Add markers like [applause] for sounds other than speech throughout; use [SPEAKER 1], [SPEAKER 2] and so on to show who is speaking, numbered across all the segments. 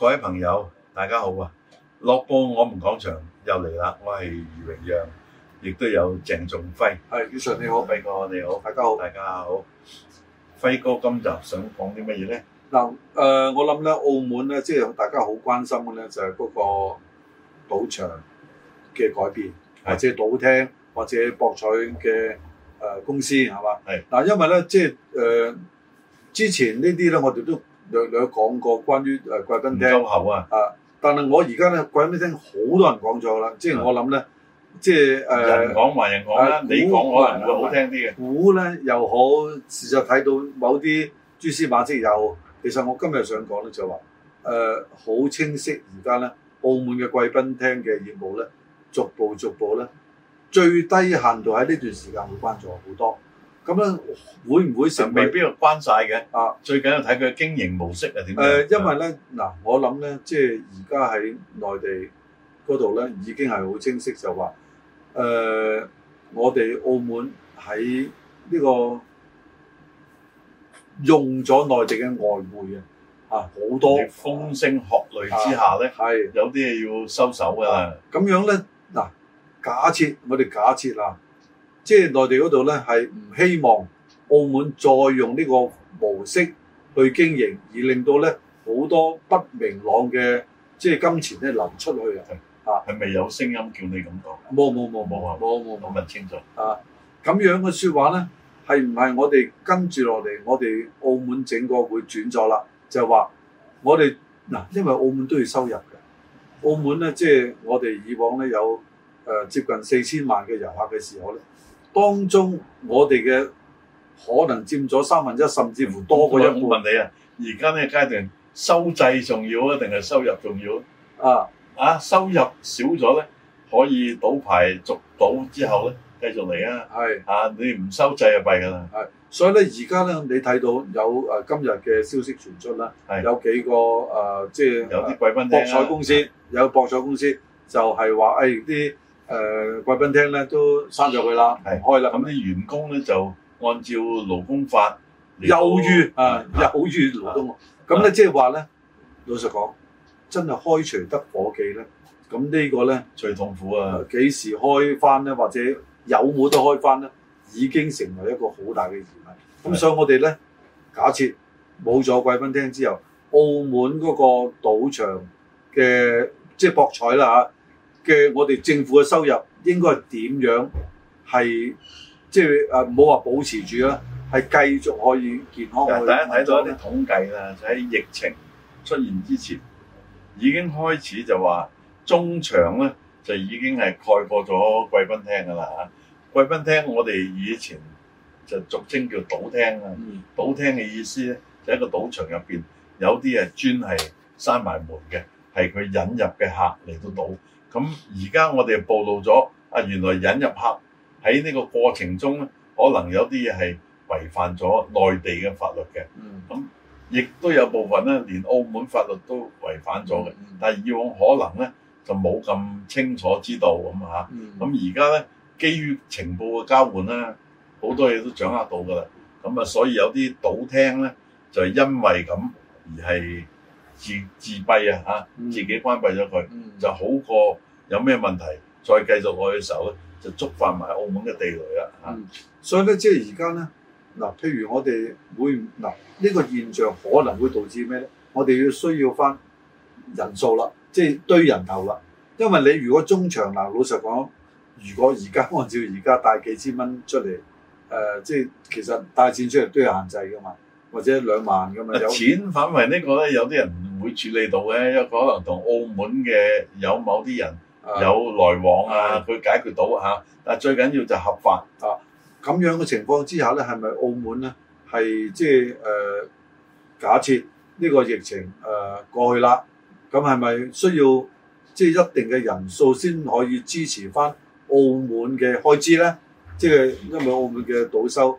[SPEAKER 1] 各位朋友，大家好啊！樂報，我們講場又嚟啦！我係余榮陽，亦都有鄭仲輝。係，余生你好，輝哥你好，大家好，大家好。輝哥今集想講啲
[SPEAKER 2] 乜嘢咧？嗱，誒，我諗咧，澳門咧，即係大家好關心嘅咧，就係、是、嗰個賭場嘅改變，或者賭廳或者博彩嘅誒公司，係嘛？係是。嗱、呃，因為咧，即係誒、呃、之前呢啲咧，我哋都。有有講過關於誒、呃、貴賓廳啊，啊，但係我而家咧貴賓廳好多人講咗啦。即係我諗咧，即係誒人講埋人講啦，你講可能會好聽啲嘅。估咧又好，事實睇到某啲蛛絲馬跡有。其實我今日想講咧就係話誒，好、呃、清晰，而家咧澳門嘅貴賓廳嘅業務咧，逐步逐步咧最低限度喺呢段時間會關咗好多。咁咧會唔會成？未必關晒嘅。啊！最緊要睇
[SPEAKER 1] 佢經營模式啊，點樣、呃？因為咧嗱是
[SPEAKER 2] 的，我諗咧，即係而家喺內地嗰度咧，已經係好清晰就話誒、呃，我哋澳門喺呢個用咗內地嘅外匯嘅啊，好、啊、多風聲鶴唳之下咧，係的的有啲嘢要收手啊。咁樣咧嗱，假設我哋假設啊。即係內地嗰度咧，係唔希望澳門再用呢個模式去經營，而令到咧好多不明朗嘅即係金錢咧流出去啊！係係未有聲音叫你咁講？冇冇冇冇啊！冇冇冇，問清楚啊！咁樣嘅説話咧，係唔係我哋跟住落嚟，我哋澳門整個會轉咗啦？就係話我哋嗱，因為澳門都要收入㗎，澳門咧即係我哋以往咧有誒接近四千萬嘅遊客嘅時候咧。當中我哋嘅可能佔咗三分之一，甚至乎多過一部分你啊。
[SPEAKER 1] 而家呢個階段，收掣重要啊，定係收入重要啊？啊，收入少咗咧，可以倒排續到之後咧，繼續嚟啊。係是啊，你唔收掣就弊噶啦。係，
[SPEAKER 2] 所以咧，而家咧，你睇到有誒今日嘅消息傳出啦，是有幾個誒、呃，即係有啲貴賓博彩公司，的有博彩公司就係、是、話，誒、哎、啲。誒貴賓廳咧都閂咗佢啦，係，開啦，咁啲員工咧就按照勞工法休業啊，休業勞工。咁咧即係話咧，老實講，真係開除得夥計咧，咁呢個咧最痛苦啊！幾時開翻咧？或者有冇得開翻咧？已經成為一個好大嘅疑問。咁所以我哋咧假設冇咗貴賓廳之後，澳門嗰個賭場嘅即係博彩啦嚇。嘅我哋政府嘅收入應該係點樣？係、就是，即係唔好話保持住啦，係繼續可以健康以。嘅。大家睇到一啲
[SPEAKER 1] 統計啦，就喺疫情出現之前已經開始就話中場咧就已經係蓋過咗貴賓廳嘅啦嚇。貴賓廳我哋以前就俗稱叫賭廳啊，賭廳嘅意思咧就係個賭場入邊，有啲係專係閂埋門嘅，係佢引入嘅客嚟到賭。咁而家我哋暴露咗，啊原來引入客喺呢個過程中咧，可能有啲嘢係違反咗內地嘅法律嘅，咁亦都有部分咧，連澳門法律都違反咗嘅。但係以往可能咧就冇咁清楚知道咁下，咁而家咧基於情報嘅交換咧，好多嘢都掌握到㗎啦。咁啊、嗯，所以有啲賭廳咧就係因為咁而係。自自閉啊！嚇，自己關閉咗佢，嗯、就好過有咩問題，再繼續攞嘅時候咧，就觸發埋澳門嘅地雷啦。啊、嗯，
[SPEAKER 2] 所以咧，即係而家咧，嗱，譬如我哋會嗱呢、呢個現象可能會導致咩咧？我哋要需要翻人數啦，即係堆人頭啦。因為你如果中場嗱，老實講，如果而家按照而家帶幾千蚊
[SPEAKER 1] 出嚟，誒、呃，即係其實帶錢出嚟都有限制噶嘛。或者兩萬咁樣！錢有反為呢、呢個咧，有啲人唔會處理到嘅，有可能同澳門嘅有某啲人有來往啊，佢、啊、解決到嚇。啊、但最緊要就合法啊！
[SPEAKER 2] 咁樣嘅情況之下咧，係咪澳門咧
[SPEAKER 1] 係即係誒、呃？假
[SPEAKER 2] 設呢個疫情誒、呃、過去啦，咁係咪需要即係一定嘅人數先可以支持翻澳門嘅開支咧？即係因為澳門嘅賭收。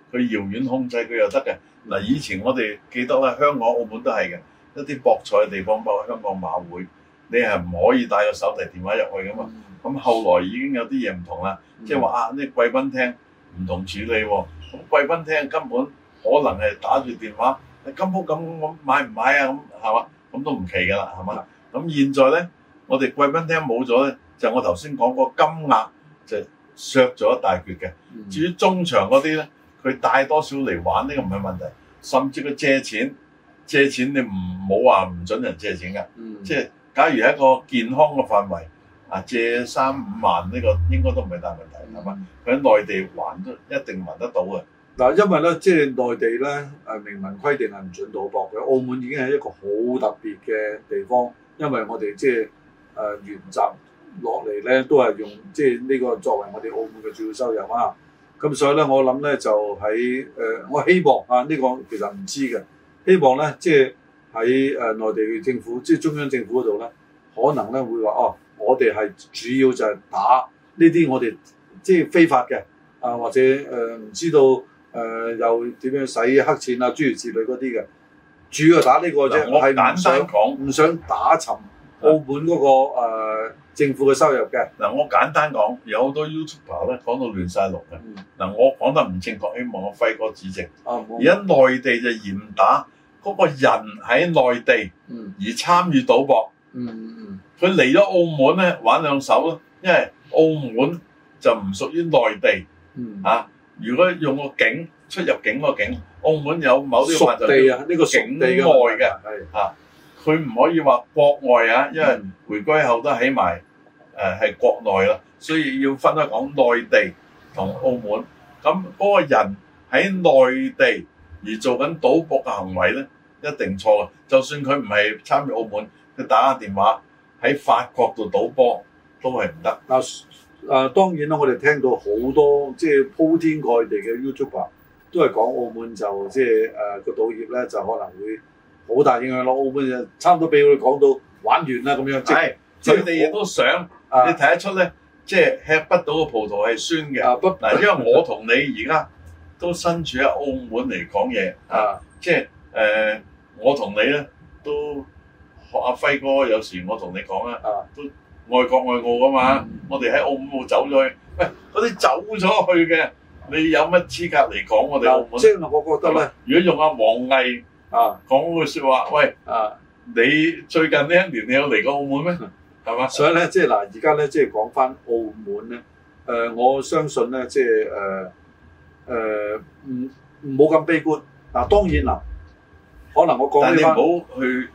[SPEAKER 1] 佢遙遠控制佢又得嘅嗱，以前我哋記得啦，香港澳門都係嘅一啲博彩嘅地方，包括香港馬會，你係唔可以帶個手提電話入去㗎嘛。咁、mm hmm. 後來已經有啲嘢唔同啦，即係話啊，啲、hmm. 貴賓廳唔同處理喎。咁、哦、貴賓廳根本可能係打住電話，金鋪咁咁買唔買啊？咁係嘛？咁都唔奇㗎啦，係嘛？咁、mm hmm. 現在咧，我哋貴賓廳冇咗，就我頭先講個金額就削咗一大橛嘅。Mm hmm. 至於中場嗰啲咧，佢帶多少嚟玩呢、這個唔係問題，甚至佢借錢，借錢你唔好話唔準人借錢㗎，嗯、即係假如係一個健康嘅範圍，啊、嗯、借三五萬呢個應該都唔係大問題，係咪、嗯？佢喺內地還都一定還得到嘅。嗱，因為咧即係內地咧誒
[SPEAKER 2] 明文規定係唔準賭博嘅，澳門已經係一個好特別嘅地方，因為我哋即係誒沿襲落嚟咧都係用即係呢個作為我哋澳門嘅主要收入啊。咁所以咧，我諗咧就喺誒、呃，我希望啊，呢、這個其實唔知嘅。希望咧，即係喺誒內地政府，即係中央政府嗰度咧，可能咧會話哦，我哋係主要就係打呢啲我哋即係非法嘅啊，或者誒唔、呃、知道誒、呃、又點樣洗黑錢啊，諸如此類嗰啲嘅，主要就打呢、這個啫，係唔那我 想唔想打沉澳
[SPEAKER 1] 門嗰、那個的政府嘅收入嘅嗱，我簡單講，有好多 YouTuber 咧講到亂晒龍嘅。嗱、嗯，我講得唔正確，希望我輝哥指正。而家內地就嚴打嗰、那個人喺內地而參與賭博。佢嚟咗澳門咧玩兩手咯，因為澳門就唔屬於內地、嗯、啊。如果用個境，出入境個境，澳門有某啲話就呢個境外嘅。佢唔可以話國外啊，因為回歸後都喺埋誒係國內啦，所以要分開講內地同澳門。咁嗰個人喺內地而做緊賭博嘅行為咧，一定錯。就算佢唔係參與澳門，佢打下電話喺法國度賭波都係唔得。嗱誒，當然啦，我哋聽到
[SPEAKER 2] 好多即係鋪天蓋地嘅 YouTuber 都係講澳門就即係誒個賭業咧，就可能會。好大影響咯！澳門就差唔多俾佢哋講到玩完啦咁
[SPEAKER 1] 樣，即係佢哋亦都想。你睇得出咧，即係吃不到嘅葡萄係酸嘅。嗱，因為我同你而家都身處喺澳門嚟講嘢啊，即係誒，我同你咧都學阿輝哥，有時我同你講啊，都愛國愛澳噶嘛。我哋喺澳門度冇走咗去，喂，嗰啲走咗去嘅，你有乜資格嚟講我哋澳門？即係我覺得咧，如果用阿黃毅。啊，講嗰句説話，喂，啊，你最近呢一年你有嚟過澳門咩？係嘛、嗯，吧所以咧，即係嗱，而
[SPEAKER 2] 家咧，即係講翻澳門咧，
[SPEAKER 1] 誒、呃，我
[SPEAKER 2] 相信咧，即係誒誒，唔唔好咁悲觀。嗱、啊，當然啦，可能我講你唔好去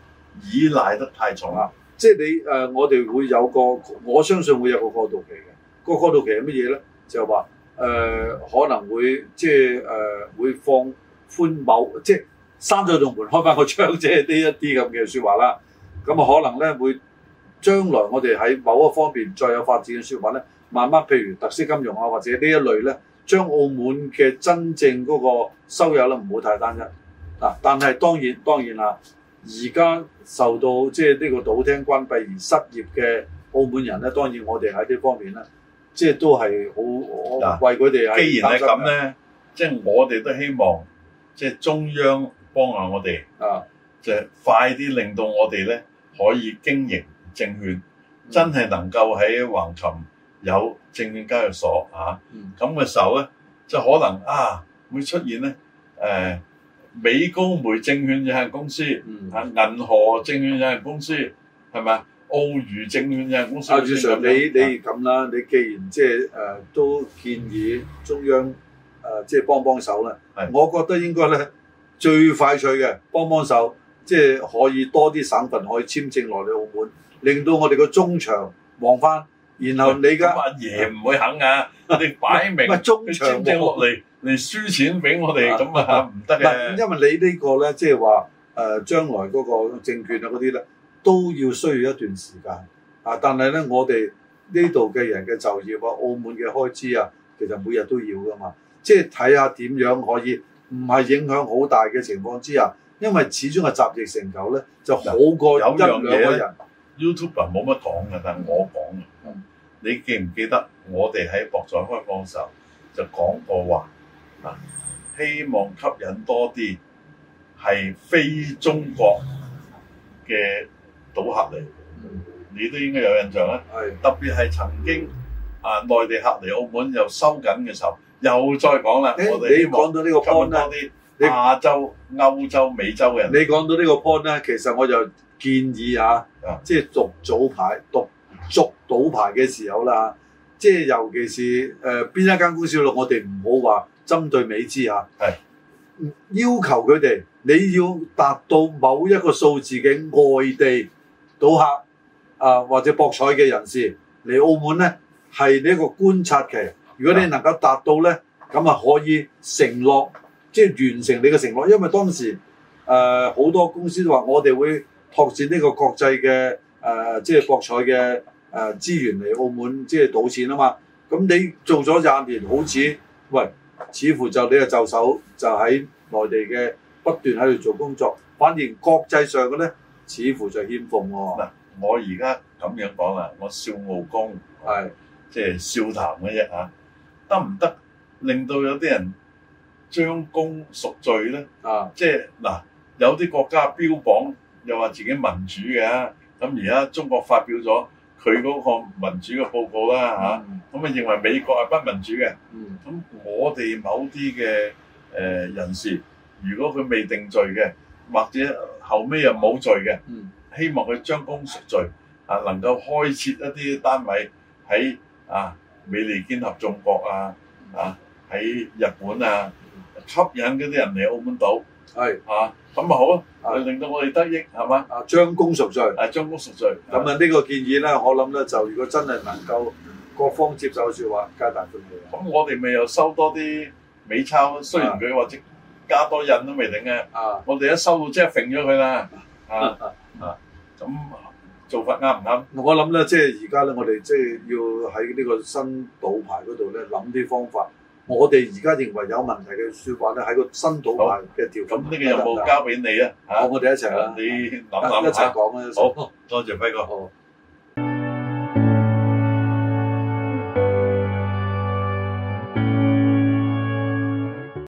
[SPEAKER 2] 依賴得太重啦、啊。即係你誒、呃，我哋會有個我相信會有個過渡期嘅。個過渡期係乜嘢咧？就係話誒，可能會即係誒、呃，會放寬某即。即閂咗度門，開翻個窗，即係呢一啲咁嘅説話啦。咁啊，可能咧會將來我哋喺某一方面再有發展嘅説話咧，慢慢譬如特色金融啊，或者呢一類咧，將澳門嘅真正嗰個收入咧，唔好太單一啊。但係當然當然啦，而家受到即係呢個賭廳關閉而失業嘅澳門人咧，當然我哋喺呢方面咧，即係都係好嗱
[SPEAKER 1] 為佢哋。既然係咁咧，即係我哋都希望即係中央。幫下我哋，就係、快啲令到我哋咧可以經營證券，真係能夠喺橫琴有證券交易所嚇，咁、啊、嘅時候咧，就可能啊會出現咧誒、呃、美高梅證券有限公司，啊銀河證券有限公司，係咪澳娛證券有限公司？阿主席，你你
[SPEAKER 2] 咁啦，你既然即係誒都建議中央誒即係幫幫手啦，係我覺得應該咧。最快脆嘅，幫幫手，即係可以多啲省份可以簽證落嚟澳門，令到我哋個中場旺翻。然後你家阿爺唔
[SPEAKER 1] 會肯啊， [laughs] 你擺明唔中場，簽證落嚟嚟輸錢俾我哋咁啊，唔得嘅。因為你呢、
[SPEAKER 2] 呢個咧，即係話誒將來嗰個證券啊嗰啲咧，都要需要一段時間啊。但係咧，我哋呢度嘅人嘅就業啊，澳門嘅開支啊，其實每日都要㗎嘛。即係睇下點樣可以。唔係影響好大嘅情
[SPEAKER 1] 況之下，因為始終係集腋成裘咧，就好過有一兩個人。YouTube 冇乜講嘅，但係我講嘅。嗯、你記唔記得我哋喺博彩開放嘅時候就講過話啊，希望吸引多啲係非中國嘅賭客嚟，嗯、你都應該有印象啦。嗯、特別係曾經啊，內地客嚟澳門又收緊嘅時候。又再講啦，我哋講到呢個波咧，亞洲、你
[SPEAKER 2] 歐洲、美洲嘅人，你講到呢個波咧，其實我就建議啊，即係、嗯、逐早排、逐足賭牌嘅時候啦、啊，即、就、係、是、尤其是誒邊、呃、一間公司咯，我哋唔好話針對美資啊，係是要求佢哋你要達到某一個數字嘅外地賭客啊、呃、或者博彩嘅人士嚟澳門咧，係你一個觀察期。如果你能夠達到咧，咁啊可以承諾，即係完成你嘅承諾，因為當時誒好、呃、多公司都話我哋會拓展呢個國際嘅誒、呃、即係博彩嘅誒資源嚟澳門即係賭錢啊嘛。咁你做咗廿年好似，喂，似乎就你嘅就手，就喺內地嘅不斷喺度做工作，反而國際上嘅咧，似乎就欠奉喎、哦。嗱，我而家
[SPEAKER 1] 咁樣講呀，我笑傲江湖，係是即係笑談嘅啫嚇。得唔得令到有啲人將功贖罪呢？啊，即係嗱，有啲國家標榜又話自己民主嘅，咁而家中國發表咗佢嗰個民主嘅報告啦嚇，咁啊認為美國係不民主嘅。咁我哋某啲嘅誒人士，如果佢未定罪嘅，或者後尾又冇罪嘅，希望佢將功贖罪啊，能夠開設一啲單位喺啊～美利堅合眾國啊，啊喺日本啊，吸引嗰啲人嚟澳門島，係啊咁啊好啊，令到我哋得益係嘛，啊將功贖罪，啊將功贖罪，咁啊呢
[SPEAKER 2] 個建議咧，我諗咧就如果真係能夠各方接受嘅説話，加大進度，咁
[SPEAKER 1] 我哋咪又收多啲美鈔，雖然佢或者加多印都未定嘅，啊，我哋一收到即係揈咗佢啦，啊啊咁。做法
[SPEAKER 2] 啱唔啱？我諗咧，即係而家咧，我哋即係要喺呢個新賭牌嗰度咧，諗啲方法。我哋而家認為有問題嘅説法咧，喺個新賭牌嘅調。咁呢個任務交俾你啊，好，我哋一齊啦。你諗
[SPEAKER 1] 諗一齊講啊，想想好，多謝輝哥。好。